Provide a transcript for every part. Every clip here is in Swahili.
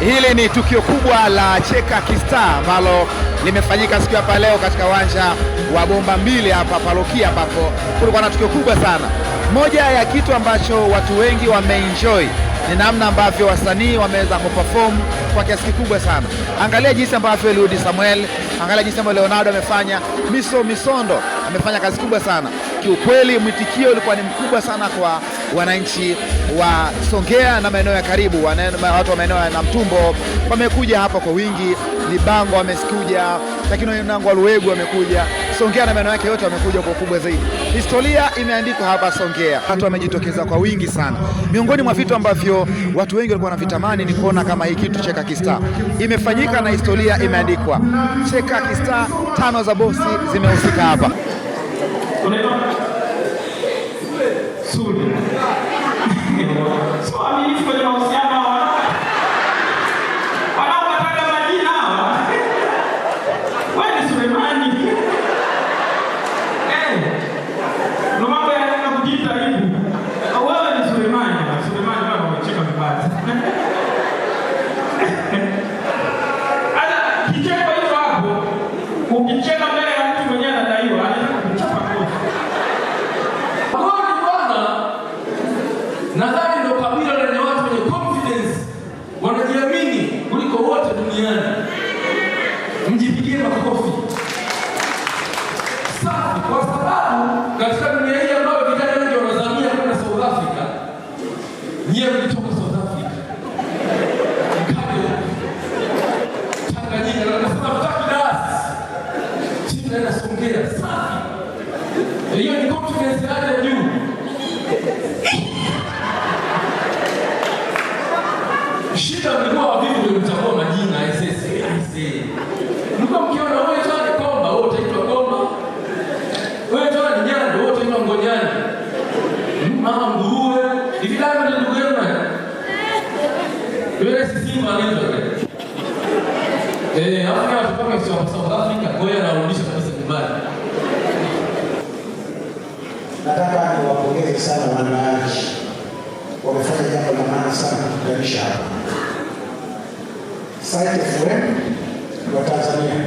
Hili ni tukio kubwa la Cheka kista ambalo limefanyika siku hapa leo katika uwanja wa bomba mbili hapa Parokia, ambapo kulikuwa na tukio kubwa sana. Moja ya kitu ambacho watu wengi wameenjoy ni namna ambavyo wasanii wameweza kuperform kwa kiasi kikubwa sana. Angalia jinsi ambavyo Eliud Samuel, angalia jinsi ambavyo Leonardo amefanya, Miso Misondo amefanya kazi kubwa sana. Kiukweli mwitikio ulikuwa ni mkubwa sana kwa wananchi wa Songea na maeneo ya karibu, watu wa maeneo ya Namtumbo wamekuja hapa kwa wingi, Libango wamesikuja, lakini nangu wa Luegu wamekuja Songea na maeneo yake yote wamekuja kwa ukubwa zaidi. Historia imeandikwa hapa Songea, watu wamejitokeza kwa wingi sana. Miongoni mwa vitu ambavyo watu wengi walikuwa wanavitamani ni kuona kama hii kitu Cheka kista imefanyika na historia imeandikwa. Cheka Kistaa tano za bosi zimehusika hapa. Jipigie makofi safi, kwa sababu katika dunia hii ambayo vijana wengi wanazamia kwenda South Africa, nyie mlitoka South Africa Tanganyika, nasema mtaki dasi chini na Songea safi, hiyo ni confidence ya juu shida Eh, Afrika tutoka South Africa goya na kurudisha kabisa nyumbani. Nataka niwapongeze sana wananchi. Wamefanya jambo la maana sana kukutanisha hapa. Site FM wa Tanzania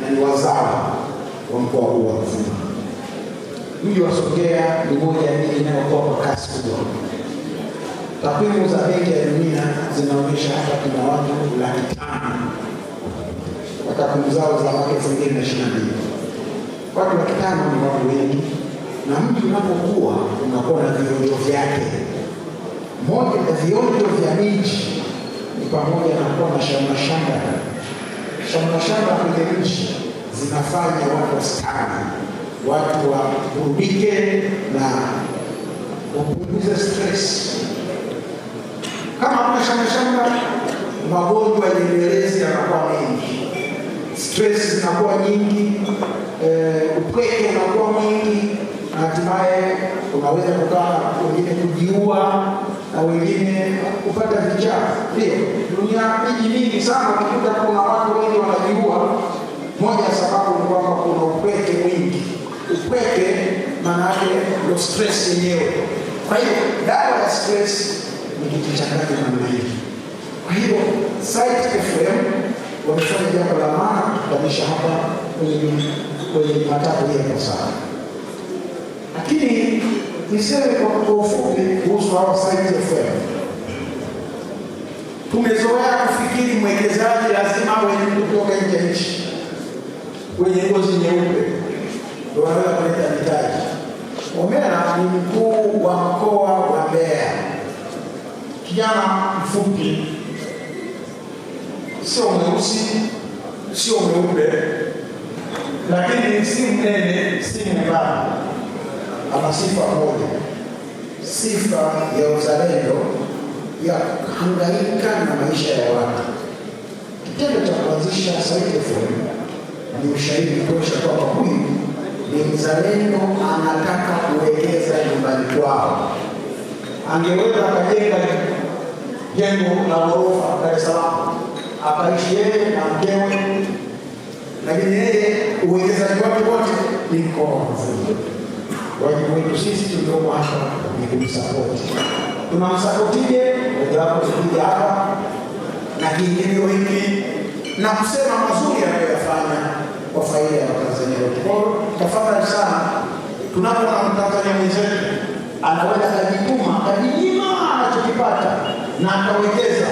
na ni wazawa wa mkoa huu wa Ruvuma. Mji wa Songea ni moja ya miji inayokuwa kwa kasi kubwa. Takwimu za Benki ya Dunia zinaonyesha hapa kuna watu laki tano kwa takwimu zao za mwaka elfu mbili na ishirini na mbili. Watu laki tano ni watu wengi, na mtu unapokuwa unakuwa na vionjo vyake. Moja ya vionjo vya nchi ni pamoja na kuwa na shamba shamba shamba shamba kwenye nchi zinafanya watu wastani, watu waburudike na wapunguze stress. Kama kuna shamba shamba, magonjwa nyemelezi yanakuwa mengi, stress zinakuwa nyingi, eh, upweke unakuwa mwingi, na hatimaye unaweza kukaa wengine kujiua na wengine kupata vichaa. Ndio dunia, miji mingi sana kikuta kuna watu wengi wanajiua. Moja sababu ni kwamba kuna upweke mwingi. Upweke maana yake ndio stress yenyewe. Kwa hiyo dawa ya stress ni namna hiyo. Kwa hiyo Site FM wamefanya jambo la maana kutupanisha hapa kwenye Jumatatu hii sana, lakini niseme kwa ufupi kuhusu hawa Site Tumezoea kufikiri mwekezaji lazima awe mtu kutoka nje nchi wenye ngozi nyeupe wanaweza kuleta mitaji. Omera ni mkuu wa mkoa wa Mbeya kijana mfupi, sio mweusi, sio mweupe, lakini si mnene, ah, si mbali, ana sifa moja, sifa ya uzalendo, ya kuhangaika na maisha ya watu. Kitendo cha kuanzisha Sauti FM ni ushahidi tosha kwamba huyu ni mzalendo, anataka kuwekeza nyumbani kwao. Angeweza akajenga jengo la ghorofa Dar es Salaam, akaishi yeye na mkewe, lakini yeye uwekezaji wake wote ni mkoa. Wajibu wetu sisi tulioko hapa ni kumsapoti, tunamsapotije mojawapo zikuja hapa na kiingilio hiki na kusema mazuri anayoyafanya kwa faida ya Watanzania wote. Kwa hiyo tafadhali sana, tunapoona Mtanzania mwenzetu anaweza akajituma, akajijima anachokipata na akawekeza,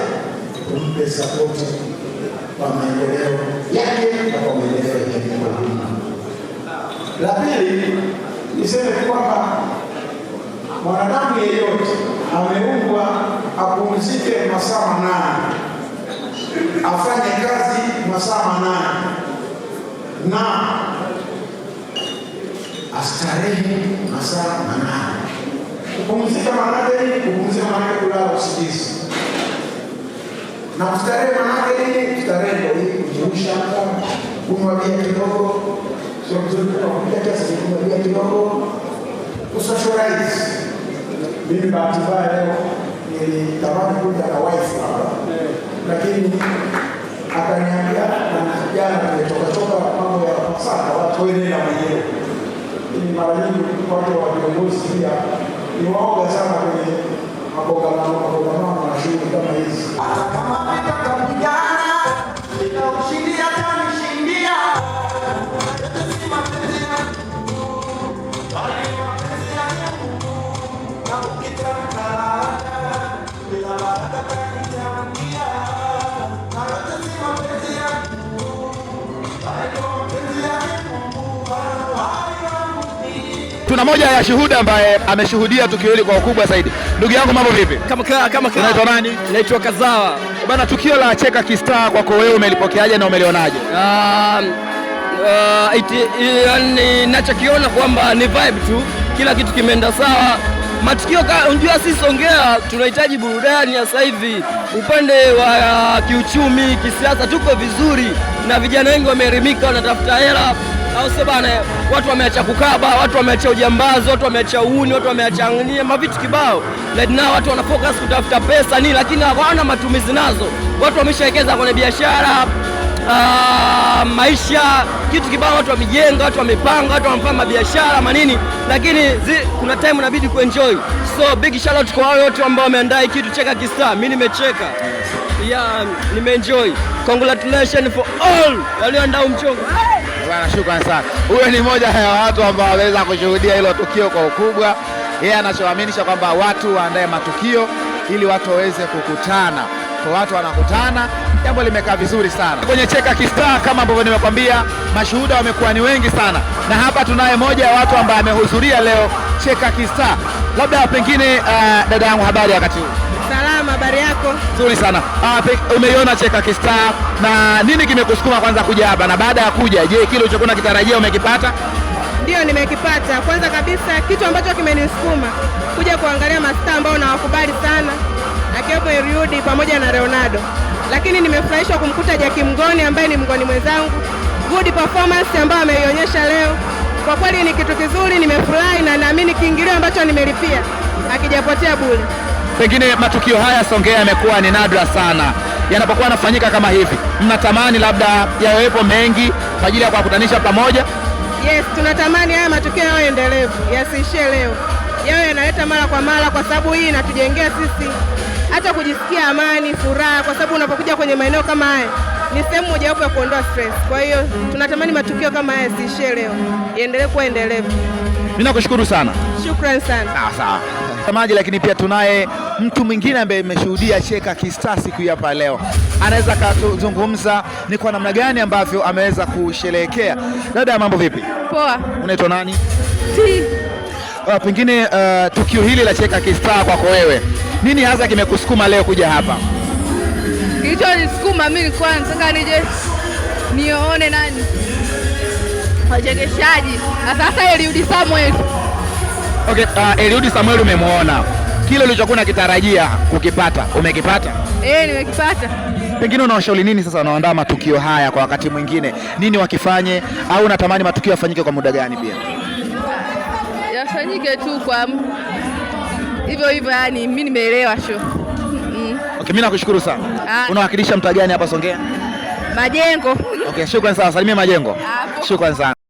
tumpe sapoti kwa maendeleo yake na kwa maendeleo ya kiuchumi. La pili niseme kwamba mwanadamu yeyote ameumbwa apumzike masaa manane, afanye kazi masaa manane na astarehe masaa manane. Kupumzika maanake nini? Kupumzika maanake kulala usingizi, na kustarehe maanake nini? Kustarehe ili kujirusha, kunywa bia kidogo, sio mzuri kupiga kiasi, bia kidogo, kusocialize. Mimi bahati leo nilitamani kuja na wife hapa, lakini akaniambia na jana tumetoka toka mambo ya Pasaka, watu wenyewe na mwenyewe. Mara nyingi watu wa viongozi pia ni waoga sana kwenye makongamano makongamano tuna moja ya shuhuda ambaye ameshuhudia tukio hili kwa ukubwa zaidi. Ndugu yangu mambo vipi? Kama kaa, kama kaa. Unaitwa nani? Naitwa Kazawa. Bana, tukio la Cheka Kistaa kwako wewe umelipokeaje na umelionaje? Um, uh, it, yani nachokiona kwamba ni vibe tu, kila kitu kimeenda sawa matukio unjua, sisi Songea tunahitaji burudani sasa hivi. Upande wa uh, kiuchumi, kisiasa tuko vizuri, na vijana wengi wameelimika, wanatafuta hela au sio bana? Watu wameacha kukaba, watu wameacha ujambazi, watu wameacha uhuni, watu wameacha ngine mavitu kibao. Right now watu wana focus kutafuta pesa nini, lakini hawana matumizi nazo. Watu wameshawekeza kwenye biashara Uh, maisha kitu kibao, watu wamejenga, watu wamepanga, watu wamefanya mabiashara manini, lakini zi, kuna time inabidi kuenjoy. So big shout out kwa wale wote ambao wameandaa kitu cheka kista. Mimi nimecheka, yeah, nimeenjoy. Congratulations for all walioandaa mchongo. hey! bwana, shukrani sana. Huyo ni moja ya watu ambao waweza kushuhudia hilo tukio kwa ukubwa. Yeye anachoaminisha kwamba watu waandae matukio ili watu waweze kukutana, kwa watu wanakutana, jambo limekaa vizuri sana kwenye Cheka Kistaa. Kama ambavyo nimekwambia, mashuhuda wamekuwa ni wengi sana, na hapa tunaye moja ya watu ambaye amehudhuria leo Cheka Kistaa. Labda pengine, uh, dada yangu, habari ya wakati huu? habari yako? Nzuri sana. Ah, umeiona Cheka Kistaa na nini kimekusukuma kwanza kuja hapa, na baada ya kuja, je, kile ulichokuwa unakitarajia umekipata? Ndiyo, nimekipata. Kwanza kabisa kitu ambacho kimenisukuma kuja kuangalia mastaa ambao nawakubali sana akiwepo Eliud pamoja na Leonardo, lakini nimefurahishwa kumkuta Jaki Mngoni ambaye ni mngoni mwenzangu. Good performance ambayo ameionyesha leo kwa kweli ni kitu kizuri, nimefurahi na naamini kiingilio ambacho nimelipia akijapotea bure. Pengine matukio haya Songea yamekuwa ni nadra sana, yanapokuwa yanafanyika kama hivi, mnatamani labda yawepo mengi kwa ajili ya kuwakutanisha pamoja? Yes, tunatamani haya matukio yawe endelevu, yasiishie leo, yawe yanaleta mara kwa mara, kwa sababu hii inatujengea sisi hata kujisikia amani, furaha, kwa sababu unapokuja kwenye maeneo kama haya ni sehemu mojawapo ya kuondoa stress. Kwa hiyo tunatamani matukio kama haya yasiishie leo, yaendelee kuwa endelevu. Mimi nakushukuru sana. Shukrani sana. Sawa sawa. lakini pia tunaye mtu mwingine ambaye ameshuhudia Cheka Kistaa siku hii hapa leo, anaweza akazungumza ni kwa namna gani ambavyo ameweza kusherehekea. Dada, mambo vipi? Poa. Unaitwa nani? Ti. Uh, ah, pengine uh, tukio hili la Cheka Kistaa kwako wewe, nini hasa kimekusukuma leo kuja hapa? Kilichonisukuma mimi kwanza nataka nije nione nani wachekeshaji, na sasa Eliudi Samuel. Okay, uh, Eliudi Samuel umemwona, kile ulichokuwa unakitarajia kukipata umekipata? Eh, nimekipata. Pengine unawashauri nini sasa wanaoandaa matukio haya kwa wakati mwingine, nini wakifanye, au unatamani matukio yafanyike kwa muda gani? Pia yafanyike tu kwa hivyo hivyo, yani mimi nimeelewa sho. Mm. Okay, mimi nakushukuru sana. Ah. Unawakilisha mtaa gani hapa Songea? Majengo. Okay, shukrani sana. Salimia Majengo. Shukrani sana.